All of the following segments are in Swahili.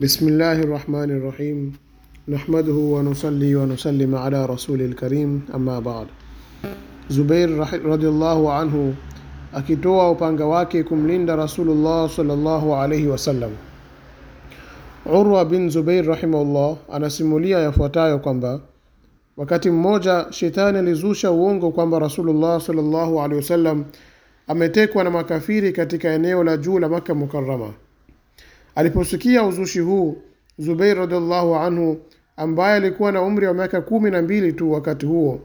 bismillahi rahmani rahim الرحيم نحمده ونصلي ونسلم rasuli lkarim الكريم أما Zubair radhiallahu anhu akitoa upanga wake kumlinda Rasulullah sallallahu alayhi wasallam. Urwa bin Zubair rahimahullah anasimulia yafuatayo kwamba wakati mmoja shetani alizusha uongo kwamba Rasulullah sallallahu alayhi wasallam ametekwa na makafiri katika eneo la juu la makka mukarama Aliposikia uzushi huu, Zubair radhiallahu anhu ambaye alikuwa na umri wa miaka kumi na mbili tu wakati huo,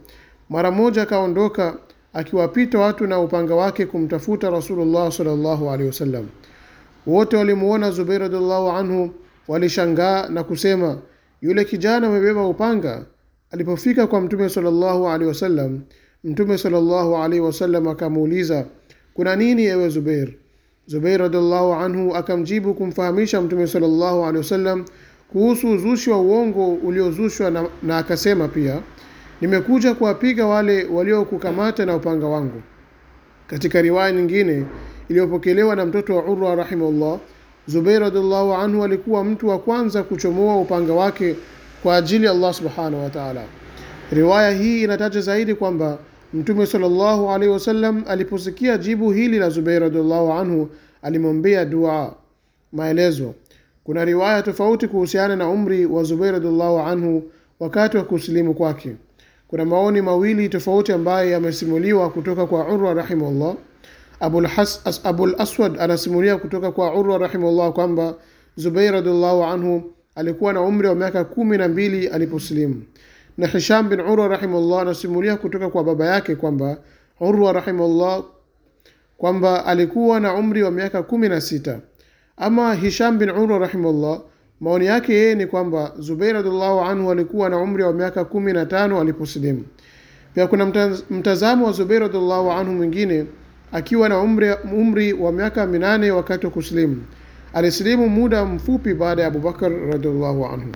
mara moja akaondoka akiwapita watu na upanga wake kumtafuta Rasulullah sallallahu alaihi wasallam. Wote walimuona Zubair radhiallahu anhu walishangaa na kusema, yule kijana amebeba upanga. Alipofika kwa Mtume sallallahu alaihi wasallam, Mtume sallallahu alaihi wasallam akamuuliza, kuna nini ewe Zubair? Zubair radhiallahu anhu akamjibu kumfahamisha Mtume sallallahu alaihi wasallam kuhusu uzushi wa uongo uliozushwa na, na akasema pia nimekuja kuwapiga wale waliokukamata na upanga wangu. Katika riwaya nyingine iliyopokelewa na mtoto wa Urwa rahimahullah, Zubair radhiallahu anhu alikuwa mtu wa kwanza kuchomoa upanga wake kwa ajili ya Allah subhanahu wa ta'ala. Riwaya hii inataja zaidi kwamba Mtume sallallahu alaihi wasallam aliposikia jibu hili la Zubair radhiallahu anhu alimwambia dua. Maelezo: kuna riwaya tofauti kuhusiana na umri wa Zubair radhiallahu anhu wakati wa kusilimu kwake. Kuna maoni mawili tofauti ambayo yamesimuliwa kutoka kwa Urwa rahimahullah. Abul Aswad anasimulia kutoka kwa Urwa rahimahullah kwamba Zubair radhiallahu anhu alikuwa na umri wa miaka kumi na mbili aliposilimu na Hisham bin Urwa rahimahullah anasimulia kutoka kwa baba yake kwamba Urwa rahimahullah kwamba alikuwa na umri wa miaka kumi na sita. Ama Hisham bin Urwa rahimahullah, maoni yake yeye ni kwamba Zubair radhiallahu anhu alikuwa na umri wa miaka kumi na tano aliposilimu. Pia kuna mtazamo wa Zubair radhiallahu anhu mwingine akiwa na umri, umri wa miaka minane wakati wa kusilimu. Alisilimu muda mfupi baada ya Abubakar radhiallahu anhu.